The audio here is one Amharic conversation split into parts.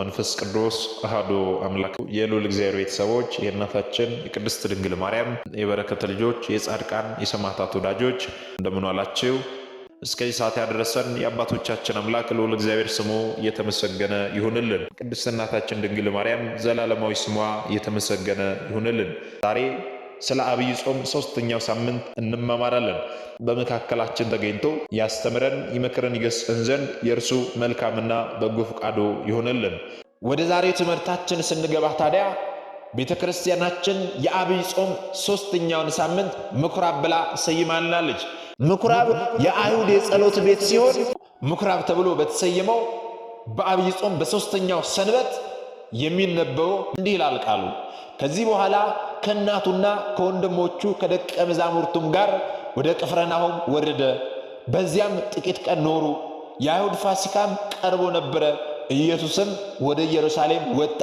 መንፈስ ቅዱስ አህዶ አምላክ የልዑል እግዚአብሔር ቤተሰቦች የእናታችን የቅድስት ድንግል ማርያም የበረከተ ልጆች የጻድቃን የሰማዕታት ወዳጆች እንደምን አላችሁ? እስከዚህ ሰዓት ያደረሰን የአባቶቻችን አምላክ ልዑል እግዚአብሔር ስሙ እየተመሰገነ ይሁንልን። ቅድስት እናታችን ድንግል ማርያም ዘላለማዊ ስሟ እየተመሰገነ ይሁንልን። ዛሬ ስለ አብይ ጾም ሶስተኛው ሳምንት እንማማራለን። በመካከላችን ተገኝቶ ያስተምረን፣ ይመክረን፣ ይገስጸን ዘንድ የእርሱ መልካምና በጎ ፈቃዱ ይሆነልን። ወደ ዛሬው ትምህርታችን ስንገባ ታዲያ ቤተ ክርስቲያናችን የአብይ ጾም ሶስተኛውን ሳምንት ምኩራብ ብላ ሰይማናለች። ምኩራብ የአይሁድ የጸሎት ቤት ሲሆን ምኩራብ ተብሎ በተሰየመው በአብይ ጾም በሶስተኛው ሰንበት የሚነበበው እንዲህ ይላል ቃሉ ከዚህ በኋላ ከእናቱና ከወንድሞቹ ከደቀ መዛሙርቱም ጋር ወደ ቅፍረናሆም ወረደ። በዚያም ጥቂት ቀን ኖሩ። የአይሁድ ፋሲካም ቀርቦ ነበረ። ኢየሱስም ወደ ኢየሩሳሌም ወጣ።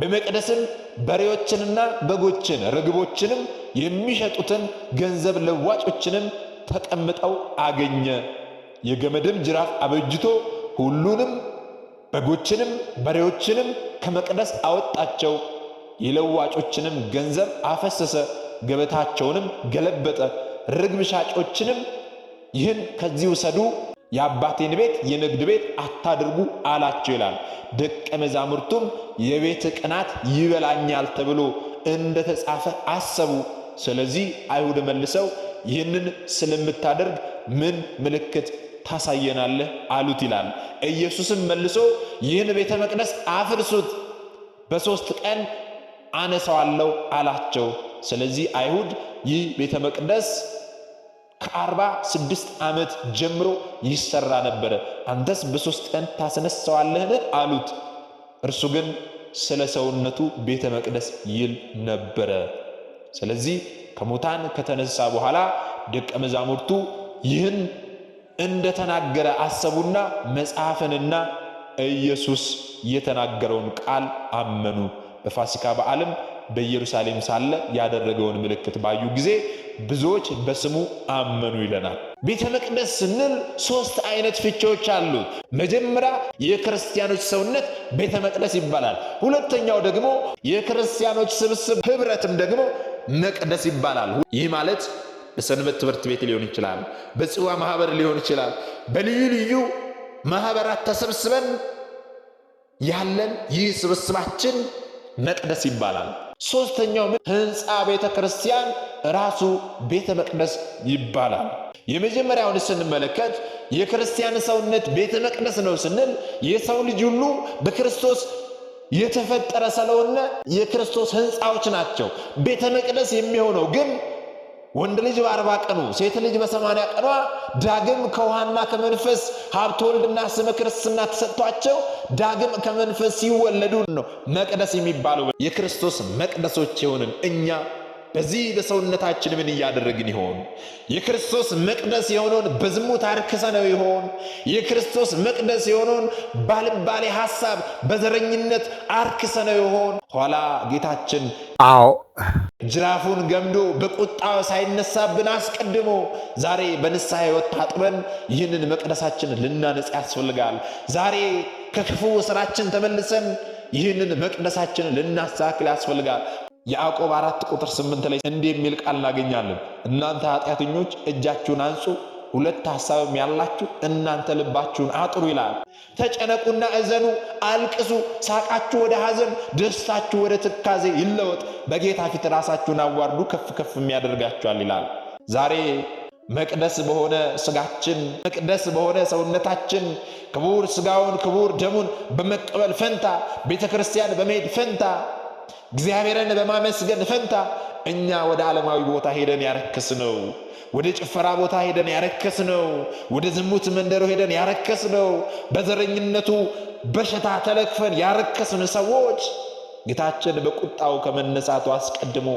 በመቅደስም በሬዎችንና በጎችን ርግቦችንም የሚሸጡትን ገንዘብ ለዋጮችንም ተቀምጠው አገኘ። የገመድም ጅራፍ አበጅቶ ሁሉንም በጎችንም በሬዎችንም ከመቅደስ አወጣቸው። የለዋጮችንም ገንዘብ አፈሰሰ፣ ገበታቸውንም ገለበጠ። ርግብ ሻጮችንም ይህን ከዚህ ውሰዱ፣ የአባቴን ቤት የንግድ ቤት አታድርጉ አላቸው ይላል። ደቀ መዛሙርቱም የቤት ቅናት ይበላኛል ተብሎ እንደተጻፈ አሰቡ። ስለዚህ አይሁድ መልሰው ይህንን ስለምታደርግ ምን ምልክት ታሳየናለህ አሉት ይላል። ኢየሱስም መልሶ ይህን ቤተ መቅደስ አፍርሱት በሦስት ቀን አነሳዋለሁ አላቸው። ስለዚህ አይሁድ ይህ ቤተ መቅደስ ከአርባ ስድስት ዓመት ጀምሮ ይሰራ ነበረ፣ አንተስ በሶስት ቀን ታስነሳዋለህን አሉት። እርሱ ግን ስለ ሰውነቱ ቤተ መቅደስ ይል ነበረ። ስለዚህ ከሙታን ከተነሳ በኋላ ደቀ መዛሙርቱ ይህን እንደተናገረ አሰቡና መጽሐፍንና ኢየሱስ የተናገረውን ቃል አመኑ። በፋሲካ በዓልም በኢየሩሳሌም ሳለ ያደረገውን ምልክት ባዩ ጊዜ ብዙዎች በስሙ አመኑ ይለናል። ቤተ መቅደስ ስንል ሶስት አይነት ፍቺዎች አሉት። መጀመሪያ የክርስቲያኖች ሰውነት ቤተ መቅደስ ይባላል። ሁለተኛው ደግሞ የክርስቲያኖች ስብስብ ህብረትም ደግሞ መቅደስ ይባላል። ይህ ማለት በሰንበት ትምህርት ቤት ሊሆን ይችላል፣ በጽዋ ማህበር ሊሆን ይችላል። በልዩ ልዩ ማህበራት ተሰብስበን ያለን ይህ ስብስባችን መቅደስ ይባላል። ሶስተኛው ህንፃ ቤተ ክርስቲያን ራሱ ቤተ መቅደስ ይባላል። የመጀመሪያውን ስንመለከት የክርስቲያን ሰውነት ቤተ መቅደስ ነው ስንል የሰው ልጅ ሁሉ በክርስቶስ የተፈጠረ ስለሆነ የክርስቶስ ህንፃዎች ናቸው። ቤተ መቅደስ የሚሆነው ግን ወንድ ልጅ በአርባ ቀኑ ሴት ልጅ በሰማንያ ቀኗ ዳግም ከውሃና ከመንፈስ ሀብተ ወልድና ስመ ክርስትና ተሰጥቷቸው ዳግም ከመንፈስ ሲወለዱ ነው መቅደስ የሚባለው። የክርስቶስ መቅደሶች የሆንን እኛ በዚህ በሰውነታችን ምን እያደረግን ይሆን? የክርስቶስ መቅደስ የሆነውን በዝሙት አርክሰ ነው ይሆን? የክርስቶስ መቅደስ የሆነውን ባልባሌ ሀሳብ፣ በዘረኝነት አርክሰ ነው ይሆን? ኋላ ጌታችን አዎ ጅራፉን ገምዶ በቁጣ ሳይነሳብን አስቀድሞ ዛሬ በንስሐ ሕይወት ታጥበን ይህንን መቅደሳችን ልናነጽ ያስፈልጋል። ዛሬ ከክፉ ስራችን ተመልሰን ይህንን መቅደሳችን ልናስተካክል ያስፈልጋል። ያዕቆብ አራት ቁጥር ስምንት ላይ እንዲህ የሚል ቃል እናገኛለን። እናንተ ኃጢአተኞች እጃችሁን አንጹ ሁለት ሀሳብም ያላችሁ እናንተ ልባችሁን አጥሩ ይላል። ተጨነቁና እዘኑ፣ አልቅሱ። ሳቃችሁ ወደ ሐዘን፣ ደስታችሁ ወደ ትካዜ ይለወጥ። በጌታ ፊት ራሳችሁን አዋርዱ፣ ከፍ ከፍ የሚያደርጋችኋል ይላል። ዛሬ መቅደስ በሆነ ስጋችን መቅደስ በሆነ ሰውነታችን ክቡር ስጋውን ክቡር ደሙን በመቀበል ፈንታ ቤተ ክርስቲያን በመሄድ ፈንታ እግዚአብሔርን በማመስገን ፈንታ እኛ ወደ ዓለማዊ ቦታ ሄደን ያረከስ ነው። ወደ ጭፈራ ቦታ ሄደን ያረከስ ነው። ወደ ዝሙት መንደሮ ሄደን ያረከስ ነው። በዘረኝነቱ በሽታ ተለክፈን ያረከስን ሰዎች ጌታችን በቁጣው ከመነሳቱ አስቀድሞ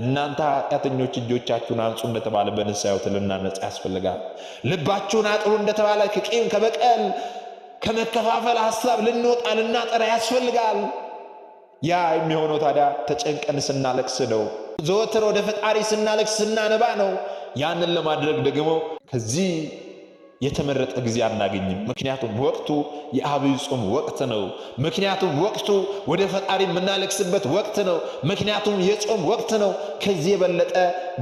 እናንተ ኃጢአተኞች እጆቻችሁን አንጹ እንደተባለ በንሳዩት ልናነጽ ያስፈልጋል። ልባችሁን አጥሩ እንደተባለ ከቂም ከበቀል ከመከፋፈል ሀሳብ ልንወጣ ልናጠራ ያስፈልጋል። ያ የሚሆነው ታዲያ ተጨንቀን ስናለቅስ ነው። ዘወትር ወደ ፈጣሪ ስናለቅ ስናነባ ነው። ያንን ለማድረግ ደግሞ ከዚህ የተመረጠ ጊዜ አናገኝም። ምክንያቱም ወቅቱ የአብይ ጾም ወቅት ነው። ምክንያቱም ወቅቱ ወደ ፈጣሪ የምናለቅስበት ወቅት ነው። ምክንያቱም የጾም ወቅት ነው። ከዚህ የበለጠ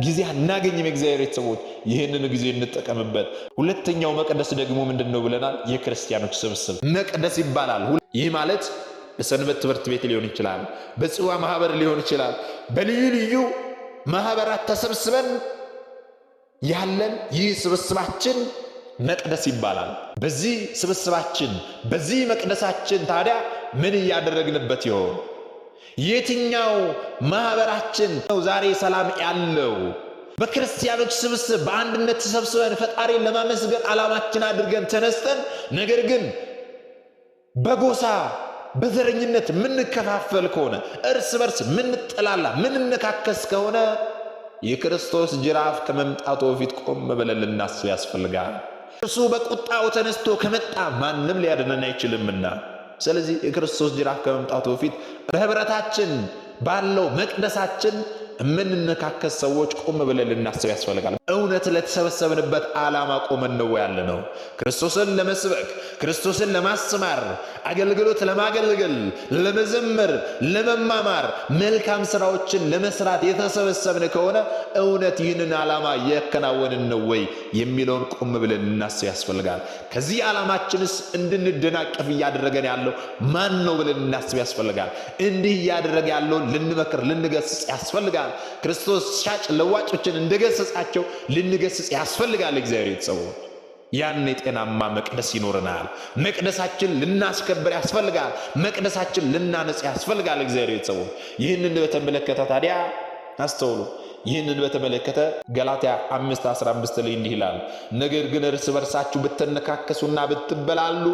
ጊዜ አናገኝም። የእግዚአብሔር ቤተሰቦች ይህንን ጊዜ እንጠቀምበት። ሁለተኛው መቅደስ ደግሞ ምንድን ነው ብለናል? የክርስቲያኖች ስብስብ መቅደስ ይባላል። ይህ ማለት በሰንበት ትምህርት ቤት ሊሆን ይችላል፣ በጽዋ ማህበር ሊሆን ይችላል። በልዩ ልዩ ማህበራት ተሰብስበን ያለን ይህ ስብስባችን መቅደስ ይባላል። በዚህ ስብስባችን በዚህ መቅደሳችን ታዲያ ምን እያደረግንበት ይሆን? የትኛው ማህበራችን ነው ዛሬ ሰላም ያለው? በክርስቲያኖች ስብስብ በአንድነት ተሰብስበን ፈጣሪን ለማመስገን ዓላማችን አድርገን ተነስተን ነገር ግን በጎሳ በዘረኝነት የምንከፋፈል ከሆነ እርስ በርስ ምንጠላላ ምንነካከስ ከሆነ የክርስቶስ ጅራፍ ከመምጣቱ በፊት ቆም ብለን ልናስብ ያስፈልጋል። እርሱ በቁጣው ተነስቶ ከመጣ ማንም ሊያድነን አይችልምና፣ ስለዚህ የክርስቶስ ጅራፍ ከመምጣቱ በፊት በህብረታችን ባለው መቅደሳችን የምንነካከስ ሰዎች ቆም ብለን ልናስብ ያስፈልጋል። እውነት ለተሰበሰብንበት ዓላማ ቆመን ነው ያለ ነው። ክርስቶስን ለመስበክ፣ ክርስቶስን ለማስተማር፣ አገልግሎት ለማገልገል፣ ለመዘመር፣ ለመማማር፣ መልካም ስራዎችን ለመስራት የተሰበሰብን ከሆነ እውነት ይህንን ዓላማ የከናወንን ነው ወይ የሚለውን ቆም ብለን ልናስብ ያስፈልጋል። ከዚህ ዓላማችንስ እንድንደናቀፍ እያደረገን ያለው ማን ነው ብለን ልናስብ ያስፈልጋል። እንዲህ እያደረገ ያለውን ልንመክር፣ ልንገስጽ ያስፈልጋል። ይላል። ክርስቶስ ሻጭ ለዋጮችን እንደገሰጻቸው ልንገስጽ ያስፈልጋል። እግዚአብሔር የተሰዎች ያን የጤናማ መቅደስ ይኖረናል። መቅደሳችን ልናስከብር ያስፈልጋል። መቅደሳችን ልናነጽ ያስፈልጋል። እግዚአብሔር የተሰዎች ይህንን በተመለከተ ታዲያ አስተውሉ። ይህንን በተመለከተ ገላትያ 5:15 ላይ እንዲህ ይላል፣ ነገር ግን እርስ በርሳችሁ ብትነካከሱና ብትበላሉ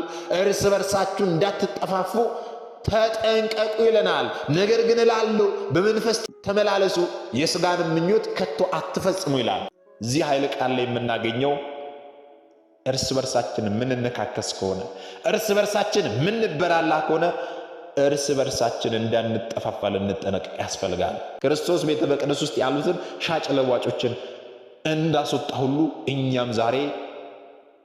እርስ በርሳችሁ እንዳትጠፋፉ ተጠንቀቁ ይለናል። ነገር ግን እላለሁ በመንፈስ ተመላለሱ፣ የሥጋን ምኞት ከቶ አትፈጽሙ ይላል። እዚህ ኃይለ ቃል ላይ የምናገኘው እርስ በርሳችን ምንነካከስ ከሆነ እርስ በርሳችን ምንበላላ ከሆነ እርስ በርሳችን እንዳንጠፋፋ ልንጠነቀቅ ያስፈልጋል። ክርስቶስ ቤተ መቅደስ ውስጥ ያሉትን ሻጭ ለዋጮችን እንዳስወጣ ሁሉ እኛም ዛሬ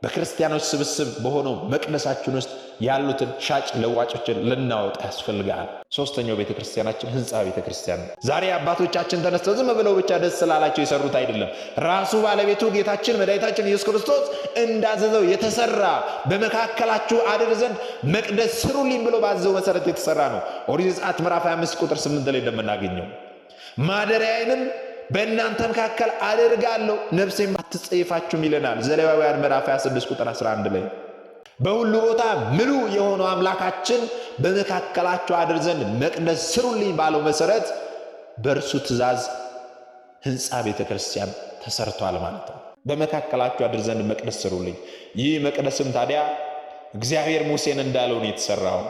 በክርስቲያኖች ስብስብ በሆነው መቅደሳችን ውስጥ ያሉትን ሻጭ ለዋጮችን ልናወጣ ያስፈልጋል። ሶስተኛው ቤተ ክርስቲያናችን ህንፃ ቤተ ክርስቲያን ነው። ዛሬ አባቶቻችን ተነስተው ዝም ብለው ብቻ ደስ ስላላቸው የሰሩት አይደለም። ራሱ ባለቤቱ ጌታችን መድኃኒታችን ኢየሱስ ክርስቶስ እንዳዘዘው የተሰራ በመካከላችሁ አድር ዘንድ መቅደስ ስሩልኝ ብሎ ባዘው መሰረት የተሰራ ነው። ኦሪት ዘጸአት ምዕራፍ 25 ቁጥር 8 ላይ እንደምናገኘው ማደሪያዬንም በእናንተ መካከል አደርጋለሁ ነፍሴም አትጸይፋችሁም ይለናል ዘሌዋውያን ምዕራፍ 26 ቁጥር 11 ላይ በሁሉ ቦታ ምሉ የሆነው አምላካችን በመካከላቸው አድር ዘንድ መቅደስ ስሩልኝ ባለው መሰረት በእርሱ ትእዛዝ ህንፃ ቤተ ክርስቲያን ተሰርቷል ማለት ነው። በመካከላቸው አድር ዘንድ መቅደስ ስሩልኝ። ይህ መቅደስም ታዲያ እግዚአብሔር ሙሴን እንዳለው ነው የተሰራው።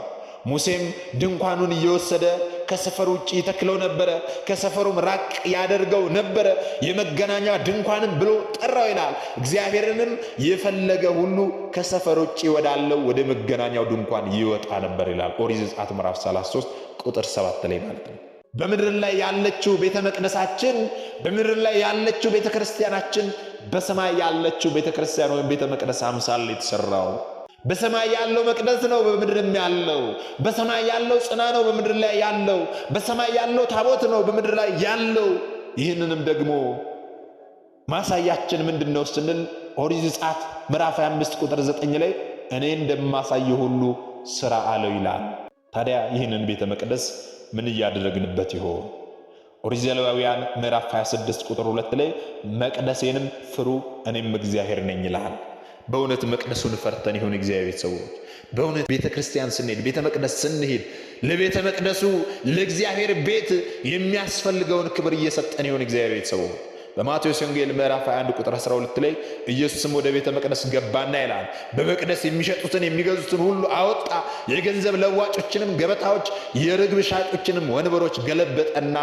ሙሴም ድንኳኑን እየወሰደ ከሰፈር ውጭ ይተክለው ነበረ፣ ከሰፈሩም ራቅ ያደርገው ነበረ። የመገናኛ ድንኳንም ብሎ ጠራው ይላል። እግዚአብሔርንም የፈለገ ሁሉ ከሰፈር ውጭ ወዳለው ወደ መገናኛው ድንኳን ይወጣ ነበር ይላል ኦሪት ዘጸአት ምዕራፍ 33 ቁጥር 7 ላይ ማለት ነው። በምድር ላይ ያለችው ቤተ መቅደሳችን በምድር ላይ ያለችው ቤተ ክርስቲያናችን በሰማይ ያለችው ቤተ ክርስቲያን ወይም ቤተ መቅደስ አምሳል የተሰራው በሰማይ ያለው መቅደስ ነው፣ በምድርም ያለው በሰማይ ያለው ጽና ነው፣ በምድር ላይ ያለው በሰማይ ያለው ታቦት ነው፣ በምድር ላይ ያለው። ይህንንም ደግሞ ማሳያችን ምንድን ነው ስንል ኦሪት ዘጸአት ምዕራፍ 25 ቁጥር 9 ላይ እኔ እንደማሳየ ሁሉ ስራ አለው ይላል። ታዲያ ይህንን ቤተ መቅደስ ምን እያደረግንበት ይሆን? ኦሪት ዘሌዋውያን ምዕራፍ 26 ቁጥር 2 ላይ መቅደሴንም ፍሩ እኔም እግዚአብሔር ነኝ ይላል። በእውነት መቅደሱን ፈርተን ይሁን እግዚአብሔር ሰዎች በእውነት ቤተ ክርስቲያን ስንሄድ ቤተ መቅደስ ስንሄድ ለቤተ መቅደሱ ለእግዚአብሔር ቤት የሚያስፈልገውን ክብር እየሰጠን ይሁን እግዚአብሔር ሰዎች በማቴዎስ ወንጌል ምዕራፍ 21 ቁጥር 12 ላይ ኢየሱስም ወደ ቤተ መቅደስ ገባና ይላል፣ በመቅደስ የሚሸጡትን የሚገዙትን ሁሉ አወጣ፣ የገንዘብ ለዋጮችንም ገበታዎች፣ የርግብ ሻጮችንም ወንበሮች ገለበጠና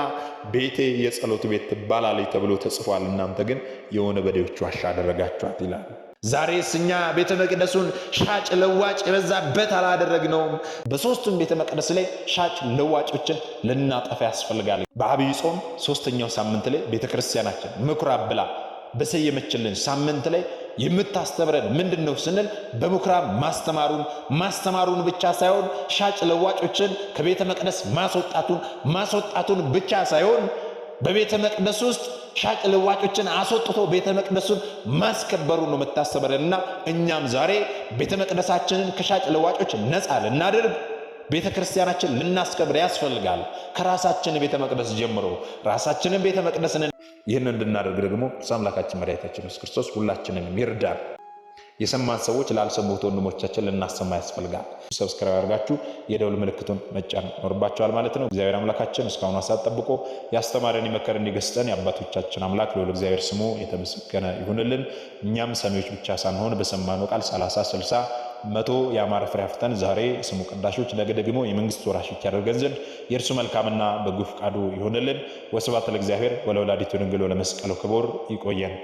ቤቴ የጸሎት ቤት ትባላለች ተብሎ ተጽፏል፣ እናንተ ግን የወንበዴዎች ዋሻ አደረጋችኋት ይላል። ዛሬስ እኛ ቤተ መቅደሱን ሻጭ ለዋጭ የበዛበት አላደረግነውም። በሶስቱም ቤተ መቅደስ ላይ ሻጭ ለዋጮችን ልናጠፋ ያስፈልጋል። በአብይ ጾም ሶስተኛው ሳምንት ላይ ቤተ ክርስቲያናችን ምኩራብ ብላ በሰየመችልን ሳምንት ላይ የምታስተምረን ምንድን ነው ስንል በምኩራብ ማስተማሩን ማስተማሩን ብቻ ሳይሆን ሻጭ ለዋጮችን ከቤተ መቅደስ ማስወጣቱን ማስወጣቱን ብቻ ሳይሆን በቤተ መቅደስ ውስጥ ሻጭ ልዋጮችን አስወጥቶ ቤተ መቅደሱን ማስከበሩ ነው መታሰበረን እኛም ዛሬ ቤተ መቅደሳችንን ከሻጭ ልዋጮች ነፃ ልናደርግ ቤተ ክርስቲያናችን ልናስከብር ያስፈልጋል። ከራሳችን ቤተ መቅደስ ጀምሮ ራሳችንን ቤተ መቅደስን ይህን እንድናደርግ ደግሞ አምላካችን መድኃኒታችን ኢየሱስ ክርስቶስ ሁላችንን ይርዳል። የሰማን ሰዎች ላልሰሙት ወንድሞቻችን ልናሰማ ያስፈልጋል። ሰብስክራይብ አድርጋችሁ የደውል ምልክቱን መጫን ይኖርባቸዋል ማለት ነው። እግዚአብሔር አምላካችን እስካሁን ሰዓት ጠብቆ ያስተማረን የመከረን የገሰጸን የአባቶቻችን አምላክ ልዑል እግዚአብሔር ስሙ የተመሰገነ ይሁንልን። እኛም ሰሚዎች ብቻ ሳንሆን በሰማነው ቃል ሰላሳ ስልሳ መቶ የአማረ ፍሬ አፍርተን ዛሬ ስሙ ቅዳሾች ነገ ደግሞ የመንግስት ወራሾች ያደርገን ዘንድ የእርሱ መልካምና በጎ ፈቃዱ ይሆንልን። ወስብሐት ለእግዚአብሔር ወለወላዲቱ ድንግል ወለመስቀሉ ክቡር። ይቆየን።